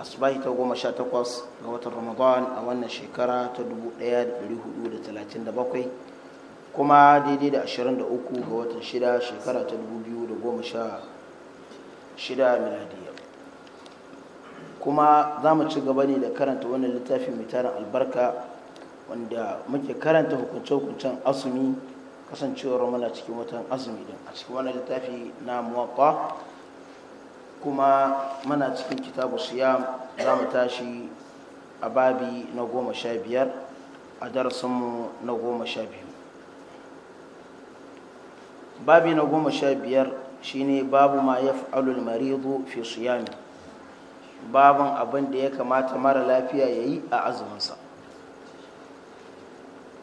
asubahi ta goma sha takwas ga watan ramadan a wannan shekara ta 1437 kuma daidai da 23 ga watan shida shekara ta 2016 miladiya kuma za mu ci gaba ne da karanta wannan littafi mai tarin albarka wanda muke karanta hukunce-hukuncen azumi kasancewar muna cikin watan azumi din a cikin wannan littafi na muwaƙa kuma muna cikin kitabu siyam za mu tashi a babi na goma sha biyar a darasinmu na goma sha biyu babi na goma sha biyar shine babu ma ya fa'alul maridu fi siyami babin abin da ya kamata mara lafiya ya yi a azuminsa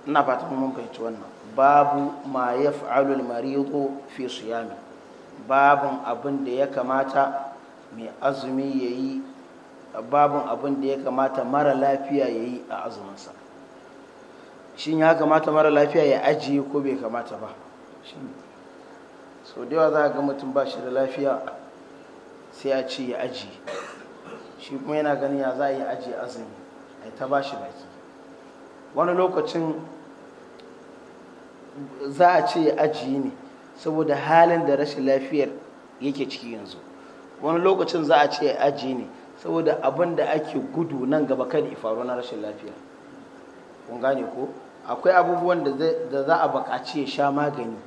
ina fatan mun fahimci wannan babu ma ya fa'alul maridu fi siyami babin abin da ya kamata mai azumi ya yi babin abin da ya kamata mara lafiya ya yi a azuminsa shin ya kamata mara lafiya ya ajiye ko bai kamata ba sau da yawa za ga mutum ba shi da lafiya sai a ce ya ajiye shi kuma yana ganin ya za a yi ajiye azumi a ta ba shi baki wani lokacin za a ce ya ajiye ne saboda halin da rashin lafiyar yake ciki yanzu wani lokacin za a ce aji ne saboda abin da ake gudu nan gaba kada ifaro na rashin lafiya kun gane ko akwai abubuwan da za a bakaci ya sha magani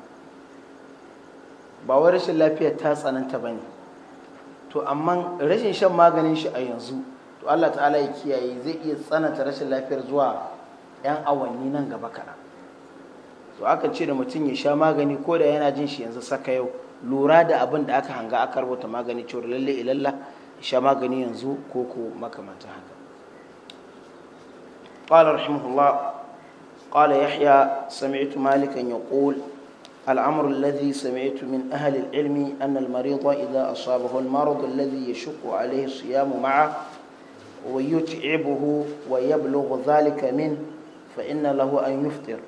ba wai rashin lafiya ta tsananta ba ne to amma rashin shan maganin shi a yanzu to allah ta'ala ya kiyaye zai iya tsananta rashin lafiyar zuwa 'yan awanni nan gaba kaɗan to aka ce da mutum ya sha magani ko da yana jin shi yanzu saka yau lura da abin da aka hanga aka rubuta magani cewar lalle ilalla ya sha magani yanzu ko ko makamantan haka قال رحمه الله قال يحيى سمعت مالكا يقول الأمر الذي سمعت من أهل العلم أن المريض إذا أصابه المرض الذي يشق عليه الصيام معه ويتعبه ويبلغ ذلك منه فإن له أن يفطر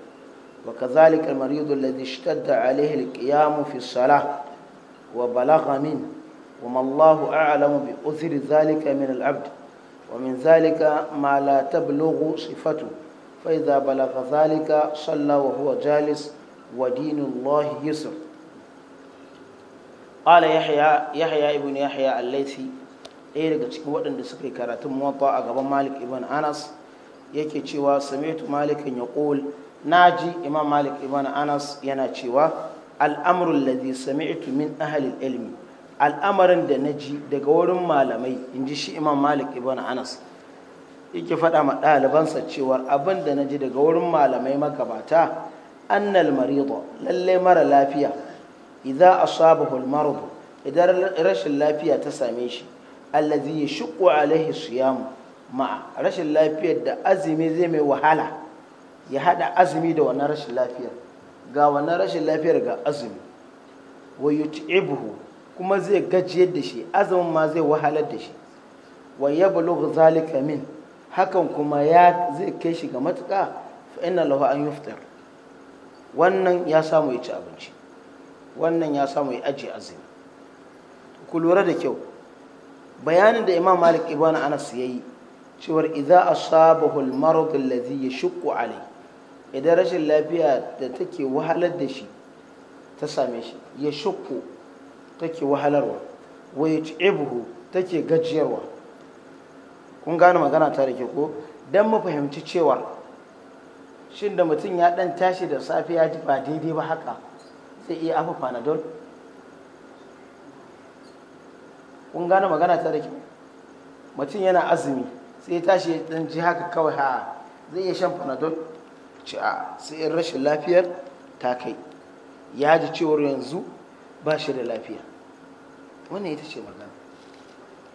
وكذلك المريض الذي اشتد عليه القيام في الصلاة وبلغ منه وما الله أعلم بأثر ذلك من العبد ومن ذلك ما لا تبلغ صفته فإذا بلغ ذلك صلى وهو جالس ودين الله يسر قال يحيى يحيى ابن يحيى الليثي ɗaya daga cikin waɗanda suka yi karatun muwatta a gaban malik ibn anas yake cewa sami'tu malikan ya ƙul naji imam malik ibn anas yana cewa al'amrul ladhi sami'tu min ahli ilmi al'amarin da na ji daga wurin malamai inji shi imam malik ibn anas yake faɗa ma ɗalibansa cewa abin da na ji daga wurin malamai magabata annal marido lallai mara lafiya idan asabahu al idan rashin lafiya ta same shi allazi yashqu alaihi siyamu ma'a rashin lafiyar da azumi zai mai wahala ya haɗa azumi da wannan rashin lafiyar ga wannan rashin lafiyar ga azumi wa yut'ibuhu kuma zai gajiyar da shi azumin ma zai wahalar da shi wa yablughu zalika min hakan kuma ya zai kai shi ga matuƙa fa inna lahu an yuftar wannan ya samu ya ci abinci wannan ya samu ya ajiye azumi ku lura da kyau bayanin da imam malik ibana anas siyayi cewar idza asabahu al-marad ya yashqu alayhi idan rashin lafiya da take wahalar da shi ta same shi ya shukku take wahalarwa wa ya ci'ibuhu take gajiyarwa kun gane magana ta da ke ko don mu fahimci cewa shin da mutum ya dan tashi da safiya ya ji ba daidai ba haka sai iya afa panadol kun gane magana ta da ke mutum yana azumi sai ya tashi ya dan ji haka kawai ha zai iya shan panadol ce a sai in rashin lafiyar ta kai ya ji cewar yanzu ba shi da lafiya wannan ita ce magana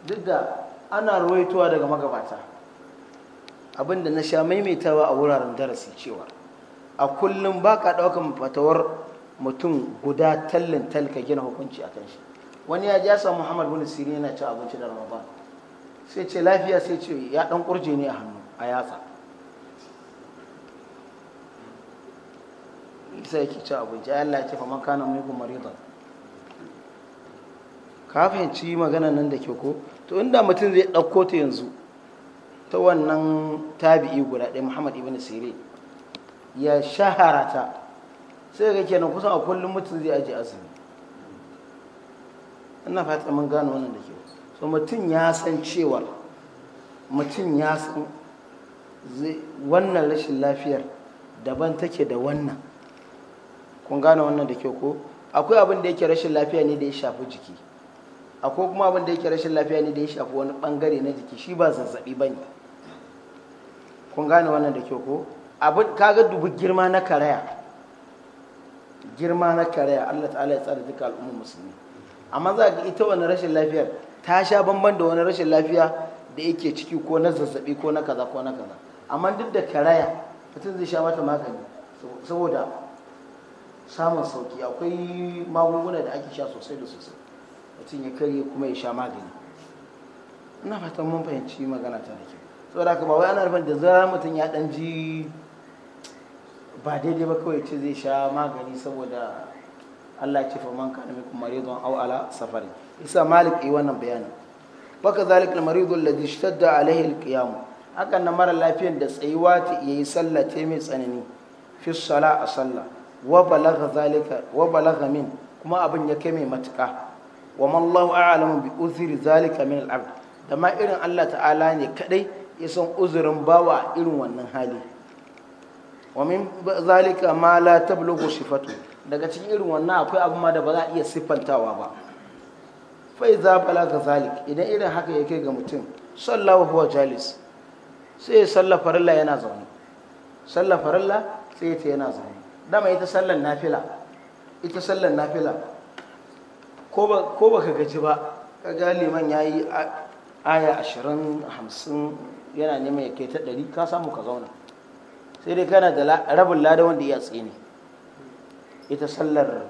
duk da ana ruwaitowa daga magabata abinda na sha maimaitawa a wuraren darasi cewa a kullum ba ka ɗaukan fatawar mutum guda tallin talka gina hukunci a kan shi wani ya ja ya muhammad bin Sirri yana cin abinci da ramadan sai ce lafiya sai ce ya ɗan ƙurje ne a hannu a yatsa sai yake ci abinci ya fa man kana minkum maridan ka fahimci magana nan da ke ko to inda mutum zai ɗauko ta yanzu ta wannan tabi'i guda ɗaya Muhammad ibn Sirin ya shahara ta sai ga kenan kusan a kullum mutum zai aji azumi ina fata mun gano wannan da ke so mutum ya san cewar mutum ya san wannan rashin lafiyar daban take da wannan kun gane wannan da kyau ko akwai abin da yake rashin lafiya ne da ya shafi jiki akwai kuma abin da yake rashin lafiya ne da ya shafi wani bangare na jiki shi ba zazzabi ba ne kun gane wannan da kyau ko abin kaga dubu girma na karaya girma na karaya Allah ta'ala ya tsara duka al'ummar musulmi amma za ga ita wani rashin lafiyar ta sha bamban da wani rashin lafiya da yake ciki ko na zazzabi ko na kaza ko na kaza amma duk da karaya mutum zai sha mata magani saboda samun sauki akwai magunguna da ake sha sosai da sosai mutum ya karye kuma ya sha magani ina fatan mun fahimci magana ta da kyau saboda haka ba wai ana rufin da zarar mutum ya dan ji ba daidai ba kawai ce zai sha magani saboda Allah ce fa man kana minkum maridun aw ala safari isa malik yi wannan bayanin baka zalik al maridu alladhi ishtadda alaihi al qiyam hakan na mara lafiyan da tsayuwa ta yayi sallah ta mai tsanani fi sala a sallah wa balagha wa min kuma abin ya kai mai matuka wa mallahu a'lamu bi uzri zalika min al-abd da ma irin Allah ta'ala ne kadai ya uzirin uzurin bawa irin wannan hali wa min zalika ma la tablughu sifatu daga cikin irin wannan akwai abin ma da ba za a iya siffantawa ba za a balagha zalik idan irin haka ya kai ga mutum sallahu huwa jalis sai ya yana sai yana zaune dama ita sallan nafila ita sallan nafila ko ba ka gaji ba ka ga liman ya yi aya ashirin hamsin yana neman ya kai ta ɗari ka samu ka zauna sai dai kana da rabin lada wanda ya tsini ita sallar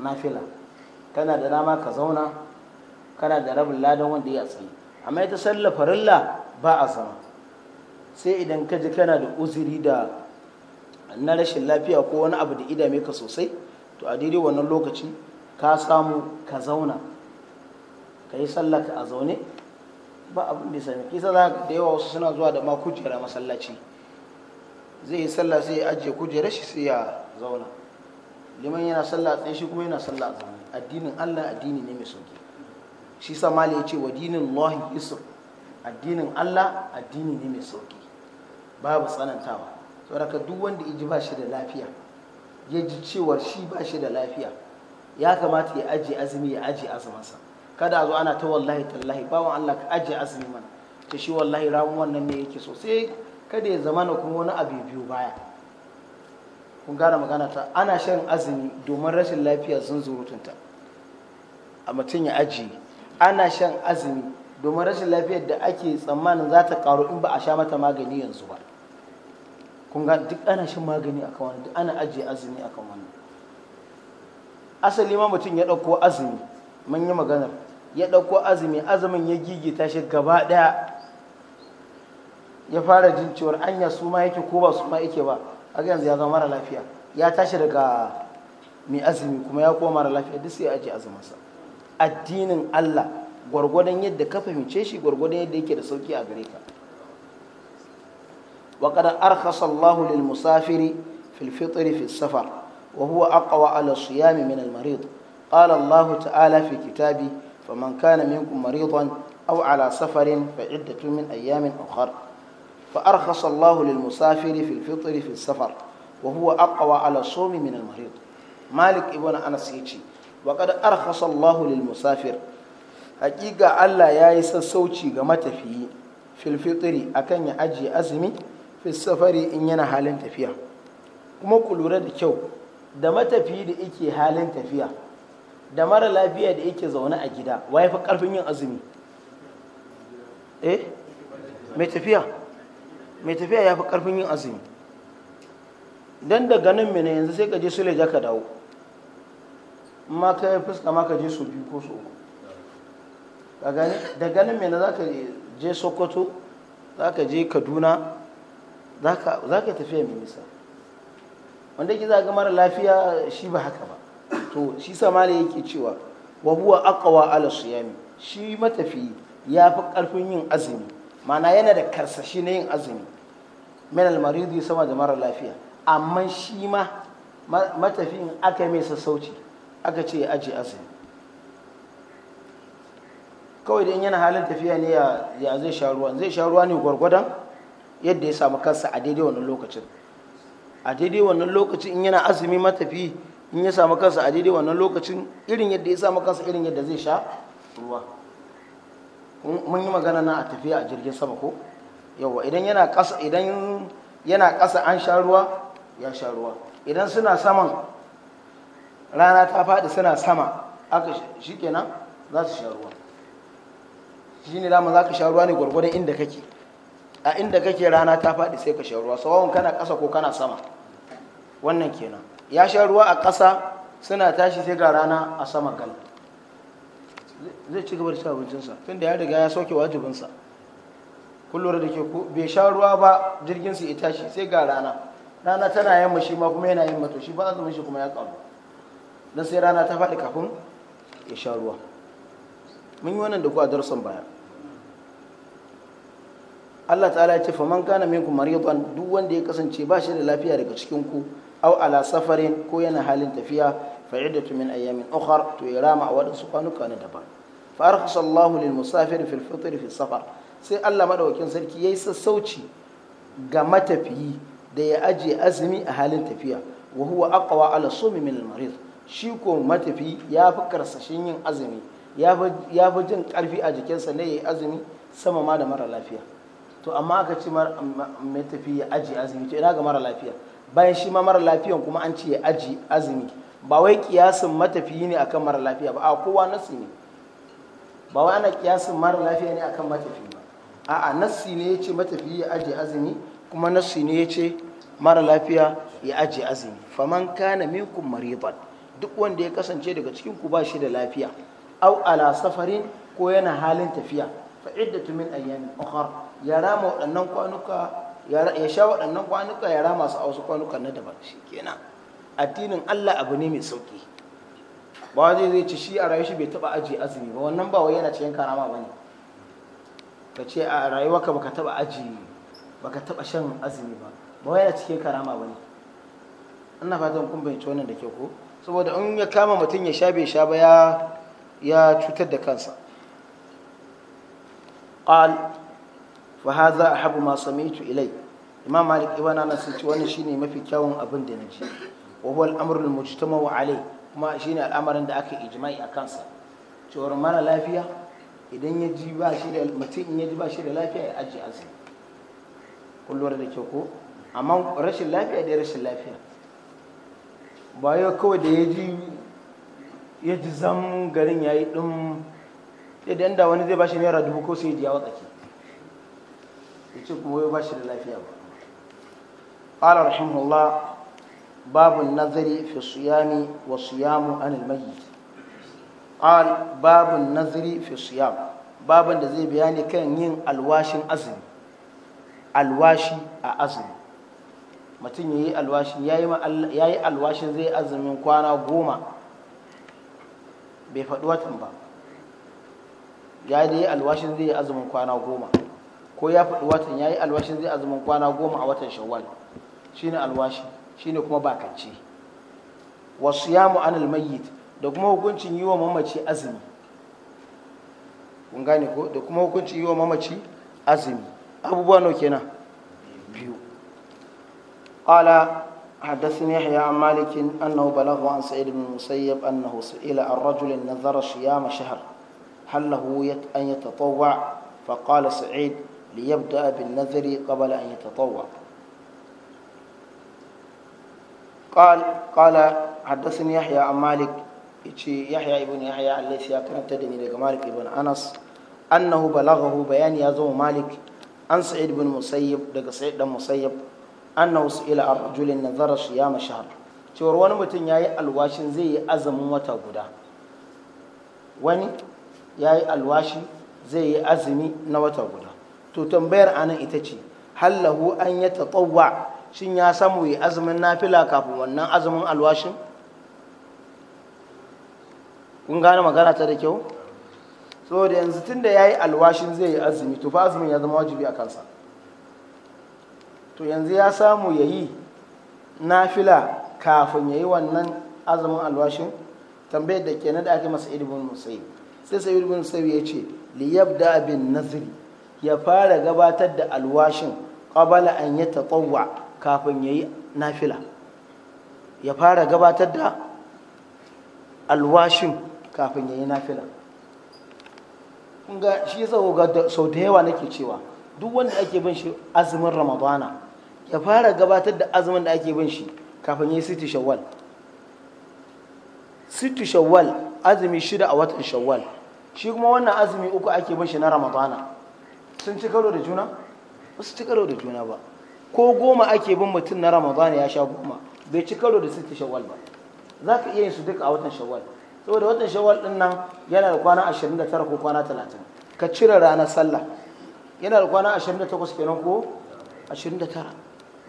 nafila kana da dama ka zauna kana da rabin lada wanda ya tsini amma ita sallar farilla ba a zama sai idan ka ji kana da uzuri da na rashin lafiya ko wani abu da idame ka sosai to a daidai wannan lokaci ka samu ka zauna ka yi sallah a zaune ba abu da sami kisa za da yawa wasu suna zuwa da ma kujera masallaci zai yi sallah sai ya ajiye kujera shi sai ya zauna liman yana sallah tsaye shi kuma yana sallah a zaune addinin allah addini ne mai sauki shi sa mali ya ce wa dinin lahi yusuf addinin allah addini ne mai sauki babu tsanantawa saboda duk wanda ya ji ba shi da lafiya ya ji cewar shi ba shi da lafiya ya kamata ya ajiye azumi ya ajiye azumansa kada a zo ana ta wallahi tallahi bawan Allah ka ajiye azumi mana ta shi wallahi ramu wannan ne yake so kada ya zamana kuma wani abu biyu baya kun gane magana ta ana shan azumi domin rashin lafiya sun zurutunta a mutum ya ajiye ana shan azumi domin rashin lafiyar da ake tsammanin za ta karu in ba a sha mata magani yanzu ba kun ga duk ana shan magani akan wani duk ana ajiye azumi akan wani asali ma mutum ya ɗauko azumi mun yi maganar ya ɗauko azumi azumin ya ta shi gaba ɗaya ya fara jin cewar anya su ma yake ko ba su ma yake ba a yanzu ya zama mara lafiya ya tashi daga mai azumi kuma ya koma mara lafiya duk sai ya ajiye azuminsa addinin Allah gwargwadon yadda ka fahimce shi gwargwadon yadda yake da sauki a gare ka وقد أرخص الله للمسافر في الفطر في السفر وهو أقوى على الصيام من المريض قال الله تعالى في كتابه فمن كان منكم مريضا أو على سفر فعدة من أيام أخر فأرخص الله للمسافر في الفطر في السفر وهو أقوى على الصوم من المريض مالك ابن أنس يجي وقد أرخص الله للمسافر حقيقة الله يا يسا سوتي غمت في في الفطر أكن يأجي أزمي fi safari in yana halin tafiya kuma ku lura da kyau da matafiyi da yake halin tafiya da mara lafiya da yake zaune a gida wa ya fi karfin yin azumi eh mai tafiya mai tafiya ya fi karfin yin azumi don da ganin mene yanzu sai ka je su leja ka dawo ma ka yi fuska ma ka je su biyu ko su uku da ganin mene za ka je sokoto za ka je kaduna za ka tafiya mai nisa wanda yake za ga mara lafiya shi ba haka ba to shi samali yake cewa wa huwa aqwa ala siyami shi matafi ya fi karfin yin azumi mana yana da karsashi na yin azumi min al sama da mara lafiya amma shi ma matafin aka mai sassauci aka ce aje azumi kawai da yana halin tafiya ne ya zai sha ruwa zai sha ruwa ne gwargwadon yadda ya samu kansa a daidai wannan lokacin a daidai wannan lokacin in yana azumi matafi in ya samu kansa a daidai wannan lokacin irin yadda ya samu kansa irin yadda zai sha ruwa mun yi magana na a tafiya a jirgin sama ko yawa idan yana ƙasa idan yana ƙasa an sha ruwa ya sha ruwa idan suna saman rana ta faɗi suna sama aka kenan za su sha ruwa shi ne dama za ka sha ruwa ne gwargwadon inda kake a inda kake rana ta faɗi sai ka sha ruwa sawawun kana ƙasa ko kana sama wannan kenan ya sha ruwa a ƙasa suna tashi sai ga rana a sama gal zai ci gaba da cin abincinsa tunda ya riga ya sauke wajibinsa kullum da ke ku bai sha ruwa ba jirgin su ya tashi sai ga rana rana tana yin mashi ma kuma yana yin to shi ba azumin shi kuma ya ƙaru don sai rana ta faɗi kafin ya sha ruwa mun yi wannan da ku a darsan baya Allah ta'ala ya ce faman kana minkum maridan duk wanda ya kasance ba shi da lafiya daga cikin ku aw ala safarin ko yana halin tafiya fa iddatu min ayamin ukhra to ya rama a wadansu kwanuka na daban fa arkhasa Allahu lil musafir fil fitr fi safar sai Allah madaukakin sarki yayi sassauci ga matafiyi da ya aje azumi a halin tafiya wa huwa aqwa ala sumi min al marid shi ko matafiyi ya fi karsashin yin azumi ya fi jin karfi a jikinsa ne yayi azumi sama ma da mara lafiya to amma aka ce mai tafi ya aji azumi to ina ga mara lafiya bayan shi ma mara lafiyan kuma an ce ya aji azumi ba wai kiyasin matafiyi ne akan mara lafiya ba a kowa nasi ne ba wai ana kiyasin mara lafiya ne akan matafi ba a'a nasi ne ya ce matafiyi ya aji azumi kuma nasi ne ya ce mara lafiya ya aji azumi faman kana minkum maridan duk wanda ya kasance daga cikin ku ba shi da lafiya au ala safarin ko yana halin tafiya fa iddatu min ayyamin ukhra ya rama waɗannan kwanuka ya sha waɗannan kwanuka ya rama su a wasu kwanuka na daban shi kenan addinin Allah abu ne mai sauƙi. ba zai zai ci shi a rayu shi bai taba aji azumi ba wannan ba wai yana cikin karama ba ne ka ce a rayuwa ka baka taba aji baka taba shan azumi ba ba wai yana cikin karama ba ne ina fatan kun bai wannan da ke ko saboda in ya kama mutum ya sha bai sha ba ya cutar da kansa fa hadha ahabu ma sami'tu ilai imam malik ibn anas ce wannan shine mafi kyawun abin da naji wa huwa al-amru al-mujtama'u alai kuma shine al'amarin da aka ijma'i a kansa cewar mara lafiya idan ya ji ba shi da mutum in ya ji ba shi da lafiya ya ajiye azumi kullum da kyau ko amma rashin lafiya da rashin lafiya ba yau kawai da ya ji ya ji zam garin ya yi ɗin idan da wani zai ba shi naira dubu ko sai ya ji ya watsaki ya ce kuma wai ba shi da lafiya ba ƙala rahimahullah babu nazari fi suyami wa suyamu anil mahi, ƙal babu nazari fi suyam babin da zai bayani kan yin alwashin azumi alwashi a azumi mutum ya yi alwashin ya yi alwashin zai azumin kwana goma bai faɗi watan ba ya yi alwashin zai yi azumin kwana goma ko ya faɗi watan ya yi alwashin zai azumin kwana goma a watan shawwal shine alwashi shine kuma bakance wasu ya anil mayyit da kuma hukuncin yi wa mamaci azumi kun gane ko da kuma hukuncin yi wa mamaci azumi abubuwa nau kenan biyu قال حدثني يحيى عن مالك أنه بلغه عن سعيد بن المسيب أنه سئل عن رجل نذر صيام شهر هل له أن يتطوع فقال سعيد ليبدأ بالنذر قبل أن يتطوع قال قال حدثني يحيى عن مالك يحيى ابن يحيى الذي كانت تدني لك مالك ابن أنس أنه بلغه بيان يزو مالك عن سعيد بن مسيب لك سعيد بن مسيب أنه سئل عن رجل نذر صيام شهر cewar wani mutum ya yi alwashin zai yi azumin wata guda wani ya yi alwashi zai yi azumi na wata guda to tambayar anan ita ce hallahu an ya taɓawa shin ya samu yi azumin nafila kafin wannan azumin alwashin kun gane magana ta da kyau saboda yanzu tun da ya yi alwashin zai yi azumi to fa azumin ya zama wajibi a kansa to yanzu ya samu ya yi nafila kafin ya yi wannan azumin alwashin tambayar da ke da ake masa idibin musayi sai sai idibin musayi ya ce liyabda bin naziri ya fara gabatar da alwashin qabala an ya tsawwa kafin ya yi nafila ya fara gabatar da alwashin kafin yi nafila ga shi yasa ga sau da yawa nake cewa duk wanda ake bin shi azumin ramadana ya fara gabatar da azumin da ake bin shi kafin yi siti shawwal siti shawwal azumi shida a watan shawwal shi kuma wannan azumi uku ake bin shi na ramadana sun ci karo da juna ba su ci karo da juna ba ko goma ake bin mutum na ramadana ya sha goma bai ci karo da sitti shawwal ba za ka iya yin su duka a watan shawwal saboda watan shawwal din nan yana da kwana 29 ko kwana 30 ka cire ranar sallah yana da kwana 28 kenan ko 29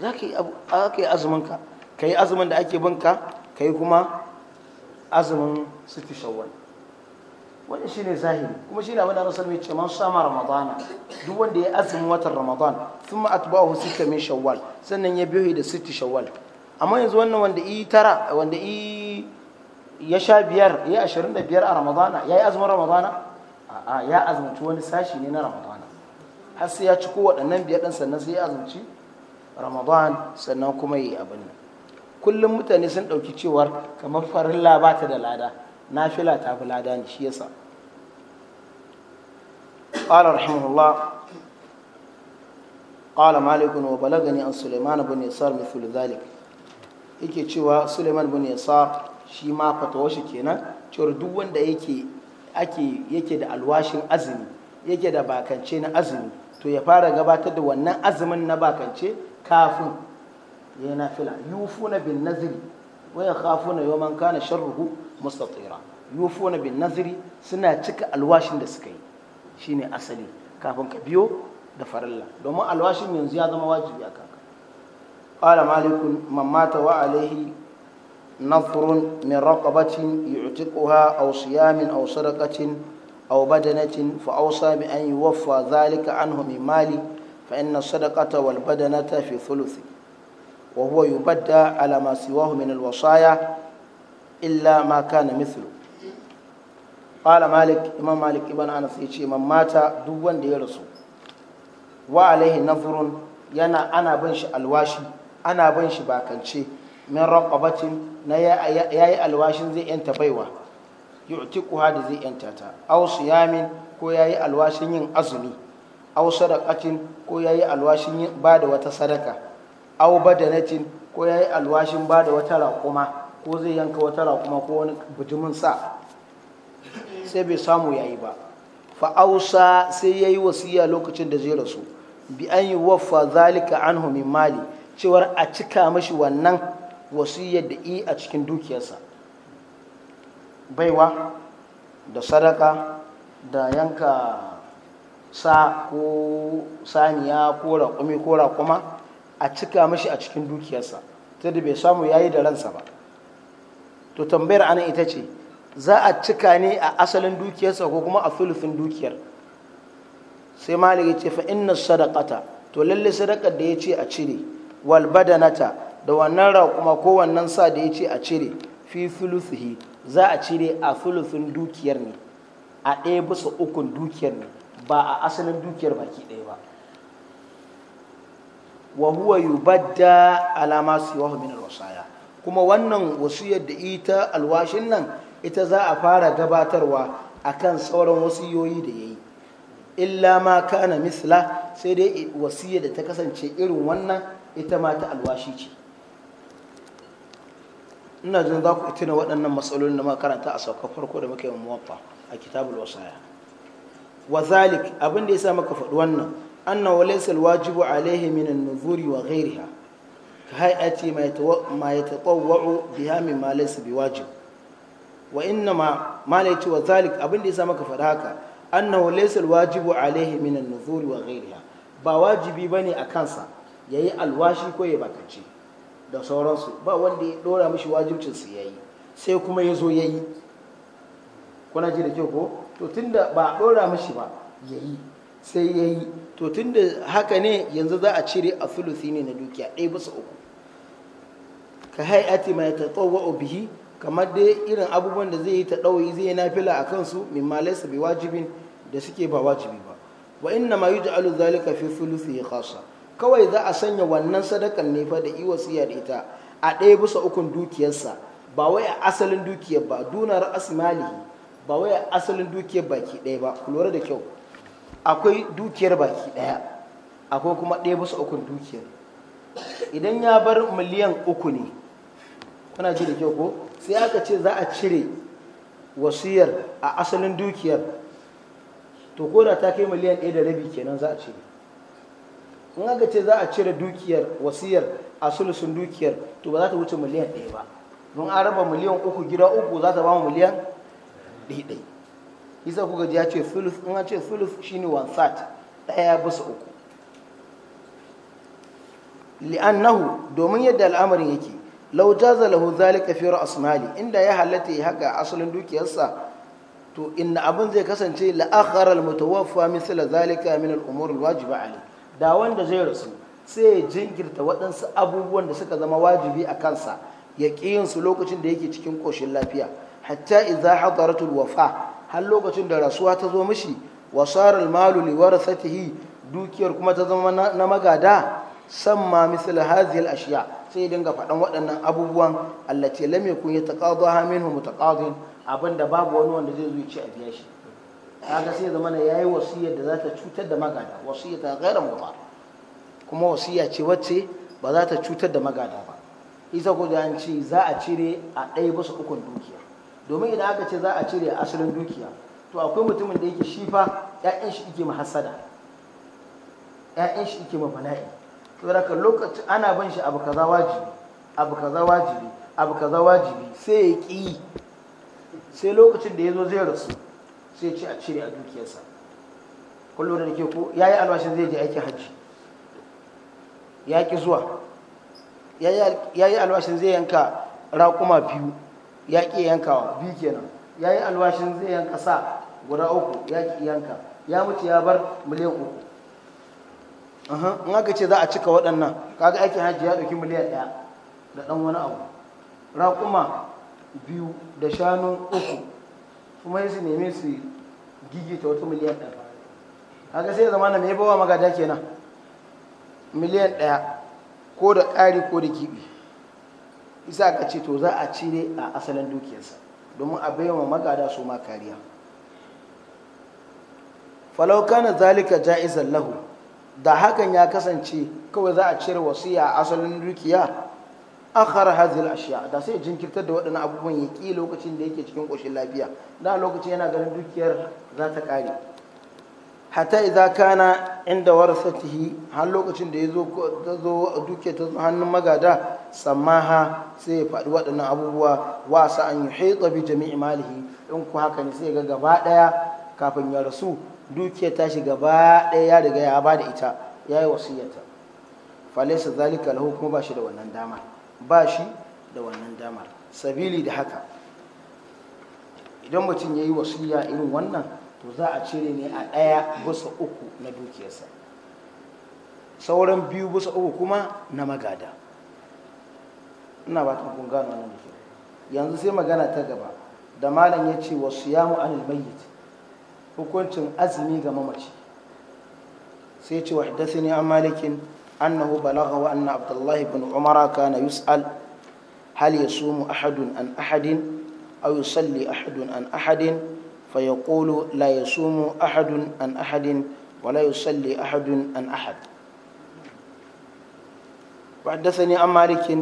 za ka yi azumin ka ka yi azumin da ake bin ka ka yi kuma azumin sitti shawwal wannan shine zahiri kuma shine abin da Rasul ya ce man sama ramadana duk wanda ya azumi watan ramadan thumma atba'ahu sitta min shawwal sannan ya biyo da sitti shawwal amma yanzu wannan wanda i tara wanda i ya sha biyar ya ashirin da biyar a ramadana ya yi azumin ramadana a'a ya azumci wani sashi ne na ramadana har sai ya ci ko waɗannan biyar ɗin sannan sai ya azumci ramadan sannan kuma ya yi abin nan kullum mutane sun ɗauki cewar kamar Farin ba ta da lada nafila ta fi lada ne shi yasa قال رحمه الله قال مالك وبلغني عن Suleiman bin يسار مثل zalik yake cewa suleiman bin yasa shi ma washe kenan cewar duk wanda yake da alwashin azumi yake da bakance na azumi to ya fara gabatar da wannan azumin na bakance kafin ya nafila yufuna bin nazri wa yakhafuna yawman kana sharruhu musta mustatira yufuna bin nazri suna cika alwashin da suka yi shine asali kafin ka biyo da faralla domin alwashin yanzu ya zama wajibi a kanka qala malikun man mata wa alaihi nafrun min raqabatin yu'tiquha aw siyamin aw sadaqatin aw badanatin fa awsa bi an yuwaffa dhalika anhu min mali fa inna sadaqata wal badanata fi thuluthi wa huwa yubadda alama ma siwahu min al wasaya illa ma kana mithlu qala malik imam malik ibn anas yace man mata duk wanda ya rasu wa alaihi nazrun yana ana bin shi alwashi ana bin shi bakance min raqabatin na yayi alwashin zai yanta baiwa yu'tiquha da zai yanta ta aw yamin ko yayi alwashin yin azumi Au sadakacin ko yayi alwashin ba da wata sadaka Auba da badanatin ko yayi alwashin ba da wata raƙuma ko zai yanka wata raƙuma ko wani bujumin sa sai bai samu yayi ba fa'ausa sai ya yi wasiya lokacin da zai rasu bi an yi waffa zalika an min mali cewar a cika mashi wannan wasiyar da i a cikin dukiyarsa baiwa da sadaka da yanka sa ko saniya ko raƙumi ko raƙuma a cika mashi a cikin dukiyarsa ta da bai samu yayi da ransa ba to tambayar ana ita ce za a cika ne a asalin dukiyarsa ko kuma a filifin dukiyar sai maliki ce fa inna sadaqata to lalle sadakar da ya ce a cire wal badanata da wannan raƙuma ko wannan sa da ya ce a cire fi fulufihi za a cire a filifin dukiyar ne a ɗaya bisa ukun dukiyar ne ba a asalin dukiyar baki ɗaya ba wa huwa yubadda alama siwahu min al kuma wannan wasiyar da ita alwashin nan ita za a fara gabatarwa a kan sauran wasiyoyi da ya yi illa ma kana misla sai dai wasiyar da ta kasance irin wannan ita ma ta alwashi ce ina jin za ku tuna waɗannan matsalolin da makaranta a saukar farko da muka yi muwaffa a kitabul wasaya wa zalik abin da ya sa maka faɗi wannan anna wa laysa alwajibu alaihi min an-nuzuri wa ghayriha Ka haifi aiki ma ya taƙauwatsu biya min ma laisa ba Wa ina ma Malachi wa Tali abinda ya sa maka fara haka? Annan wa laisar wajubu Alehi, Minna Nufuri wa ghayriha. Ba wajibi ba ne a kansa ya yi alwashi ko ya baka da sauransu? Ba wanda ya yi ɗora mushi wajibcinsu ya yi, sai kuma ya zo ya yi. Kuna ji da kyau ko? To tunda ba ɗora mushi ba ya yi, sai ya yi. to tun da haka ne yanzu za a cire a thuluthi ne na dukiya ɗaya bisa uku ka hayati mai ta tsawo bihi kamar dai irin abubuwan da zai yi ta ɗauyi zai yi nafila a kansu min malaisa bi wajibin da suke ba wajibi ba wa inna ma yuj'alu zalika fi ya kasa? kawai za a sanya wannan sadakan ne fa da iwa siya da ita a ɗaya bisa ukun dukiyarsa ba wai a asalin dukiyar ba dunar asmalihi ba wai a asalin dukiyar baki ɗaya ba ku lura da kyau akwai dukiyar baki ɗaya akwai kuma ɗaya bisa ukun dukiyar idan ya bar miliyan uku ne kuna ji da kyau ko sai aka ce za a cire wasiyar a asalin dukiyar to ko ta kai miliyan ɗaya da rabi kenan za a cire in aka ce za a cire dukiyar wasiyar a sulusun dukiyar to ba za ta wuce miliyan ɗaya ba don an raba miliyan uku gida uku za ta ba miliyan ɗaya isa kuka ji ya ce sulus in ce sulus shine one third daya bisa uku li'annahu domin yadda al'amarin yake lau jaza lahu zalika fi ra'smali inda ya halatta ya haka asalin dukiyarsa to inna abin zai kasance la akhara al mutawaffa misla zalika min al umur al wajiba da wanda zai rasu sai ya jinkirta waɗansu abubuwan da suka zama wajibi a kansa ya su lokacin da yake cikin koshin lafiya hatta idza hadaratul wafa har lokacin da rasuwa ta zo mishi wa sarar ne wara warasatihi dukiyar kuma ta zama na magada samma misal hazil ashiya sai dinga faɗan waɗannan abubuwan kun yi lam yakun mu mu mutaqadin abinda babu wani wanda zai zo ci a biya shi kaga sai zama ya yayi wasiyar da za ta cutar da magada wasiyar ta ghairu mutar kuma wasiya ce wacce ba za ta cutar da magada ba isa ko da za a cire a ɗaya bisa ukun dukiya domin idan aka ce za a cire asalin dukiya to akwai mutumin da yake shifa ‘ya’yan shi ike mahassada ‘ya’yan shi yake mafana'i saboda ka lokaci ana ban shi abu kaza wajibi abu kaza wajibi abu kaza wajibi sai ya ƙi sai lokacin da ya zo zai rasu sai ce a cire a dukiyarsa kullum da ke ko ya yi alwashin zai je aikin hajji ya ƙi zuwa ya yi alwashin zai yanka raƙuma biyu ya ƙi yankawa biyu kenan ya yi alwashin zai yanka sa guda uku ya ƙi yanka ya mutu ya bar miliyan uku in aka ce za a cika waɗannan kaga aikin hajji ya ɗauki miliyan ɗaya da ɗan wani abu raƙuma biyu da shanu uku kuma su nemi su gigita wata miliyan ɗaya kaga sai zama na mai bawa magada kenan miliyan ɗaya ko da ƙari ko da kiɓi isa aka ce to za a cire a asalin dukiyarsa domin a bayyana magada su ma kariya falau kana zalika ja'izan lahu da hakan ya kasance kawai za a cire wasiya a asalin dukiya a kara hazil ashiya da sai jinkirtar da waɗannan abubuwan ya ki lokacin da yake cikin ƙoshin lafiya na lokacin yana ganin dukiyar za ta kare hatta idza kana inda warasatihi har lokacin da ya zo ta zo duke ta hannun magada samaha sai ya faɗi waɗannan abubuwa wa sa an yi yuhita bi jami'i malihi in ku haka ne sai ga gaba ɗaya kafin ya rasu duke ta shi gaba ɗaya ya riga ya bada ita yayi wasiyata falaysa zalika lahu kuma ba shi da wannan dama ba shi da wannan damar sabili da haka idan mutum yayi wasiya irin wannan to za a cire ne a ɗaya bisa uku na dukiyarsa sauran biyu bisa uku kuma na magada ina ba ta kun gano wannan dukiyar yanzu sai magana ta gaba da malam ya ce wasu ya an mayyit hukuncin azumi ga mamaci sai ce ne an malikin annahu balagha wa anna abdullahi bin umara kana yus'al hal yasumu ahadun an ahadin aw yusalli ahadun an ahadin فيقول لا يصوم أحد عن أحد ولا يصلي أحد عن أحد وحدثني عن مالك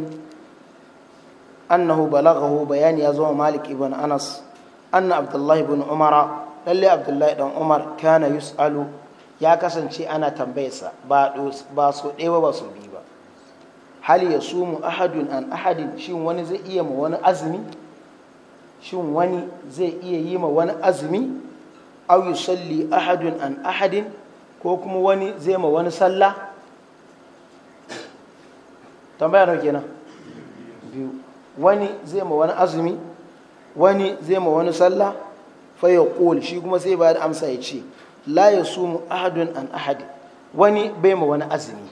أنه بلغه بيان يزوم مالك بن أنس أن عبد الله بن عمر للي عبد الله بن عمر كان يسأل يا كسن شيء أنا تنبيسا باسو إيوة باسو بيبا هل يصوم أحد عن أحد شيء ونزئي ون ونأزمي shin wani zai iya yi ma wani azumi au yusalli ahadun an ahadin ko kuma wani zai ma wani sallah tambaya nau kenan biyu wani zai ma wani azumi wani zai ma wani sallah Faya ya shi kuma sai ba da amsa ya ce la ya mu ahadun an ahadi wani bai ma wani azumi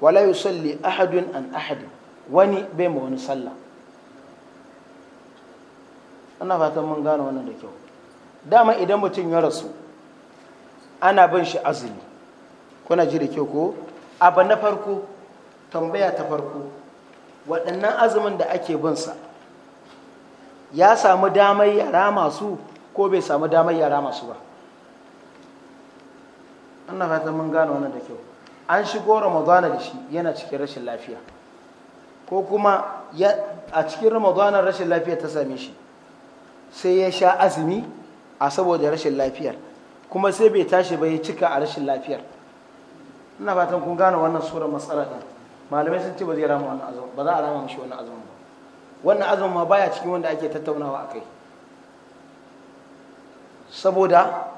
wala yusalli ahadun an ahadi wani bai ma wani sallah ana fatan mun gane wannan da kyau dama idan mutum ya rasu ana bin shi azumi kuna ji da kyau ko abu na farko tambaya ta farko waɗannan azumin da ake bin sa ya samu damar yara masu ko bai samu damar yara masu ba ana fatan mun gane wannan da kyau an shigo ramadana da shi yana cikin rashin lafiya ko kuma a cikin ramadana rashin lafiya ta same shi sai ya sha azumi a saboda rashin lafiyar kuma sai bai tashi ba ya cika a rashin lafiyar ina fatan kun gane wannan sura matsala din malamai sun ce ba zai rama wannan azumi. ba za a rama mishi wannan azumi ba wannan azumi ma baya cikin wanda ake tattaunawa a kai. saboda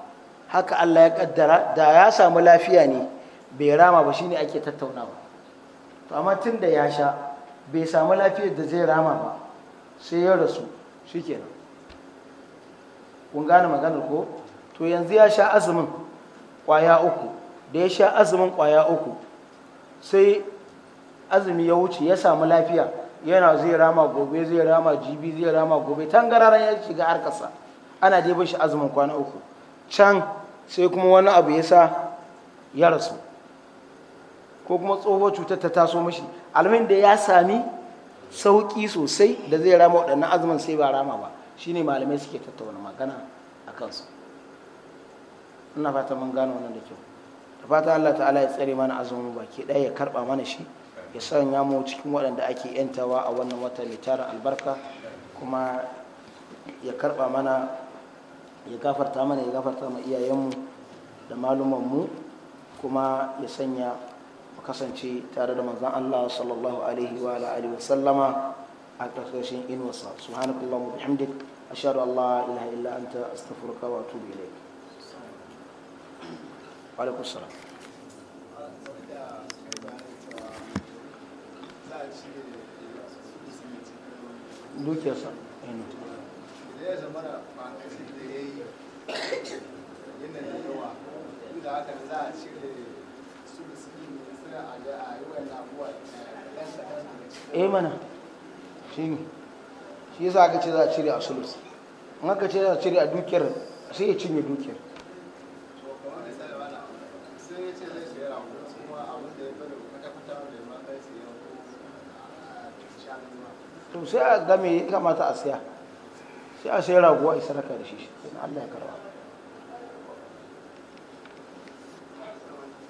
haka Allah ya kaddara da ya samu lafiya ne bai rama ba shine ake tattaunawa to amma tun ya sha bai samu lafiyar da zai rama ba sai ya rasu shikenan kun gane maganar ko to yanzu ya sha azumin kwaya uku da ya sha azumin kwaya uku sai azumi ya wuce ya samu lafiya yana zai rama gobe zai rama jibi zai rama gobe tangararan ya shiga arkasa ana dai bin shi azumin kwana uku can sai kuma wani abu ya sa ya rasu ko kuma tsohuwar cutar ta taso mashi almin da ya sami sauƙi sosai da zai rama waɗannan azumin sai ba rama ba ne malamai suke tattauna magana a kansu ina fata mun gano wannan da kyau da fata Allah ta'ala ya tsare mana azumin baki ɗaya ya karɓa mana shi ya sanya mu cikin waɗanda ake yantawa a wannan wata mai tara albarka kuma ya karɓa mana ya gafarta mana ya gafarta ma iyayenmu da malumanmu kuma ya sanya kasance tare da manzan Allah sallallahu alaihi wa alihi wa sallama a ƙarƙashin inuwarsa subhanakallah wa bihamdik ashhadu an la ilaha illa anta astaghfiruka wa atubu ilayk wa alaikum salam dukiyarsa ya zama da ba da ya yi yanayin yawa inda haka za a cire su da su yi a yi wa yana abuwa eh mana shi ne shi yasa aka ce za a cire a sulus in aka ce za a cire a dukiyar sai ya cinye dukiyar to sai a game ya kamata a siya sai a sai raguwa a sadaka da shi sai Allah ya karba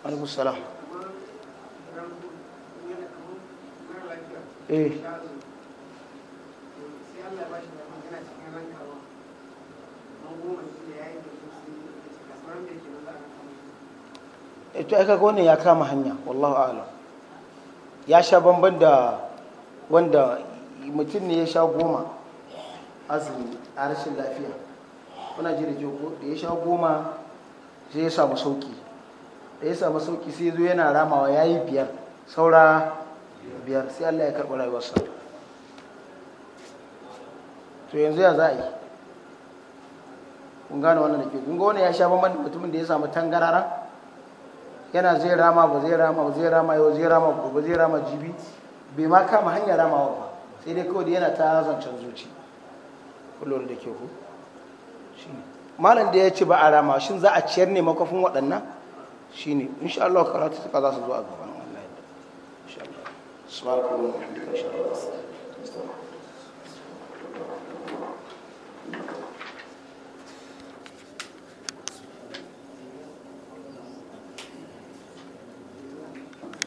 alaikum salam eh Eh, to ai ga wannan ya kama hanya wallahu a'lam ya sha bamban da wanda mutum ne ya sha goma azumi a rashin lafiya kuna ji da joko da ya sha goma sai ya samu sauki da ya samu sauki sai zo yana ramawa ya yi biyar saura biyar sai allah ya karɓi rayuwarsa to yanzu ya za a yi kun gane wannan da ke kun ga wani ya sha bamban mutumin da ya samu tangararan yana zai rama ba zai rama ba zai rama yau zai rama ba zai rama jibi bai ma kama hanyar rama ba sai dai kawai yana ta zancen zuci kullum da ke ku malam da ya ce ba a rama shin za a ciyar ne makafin waɗannan shine insha Allah karatu ta za su zo a gaban Allah insha Allah subhanallahi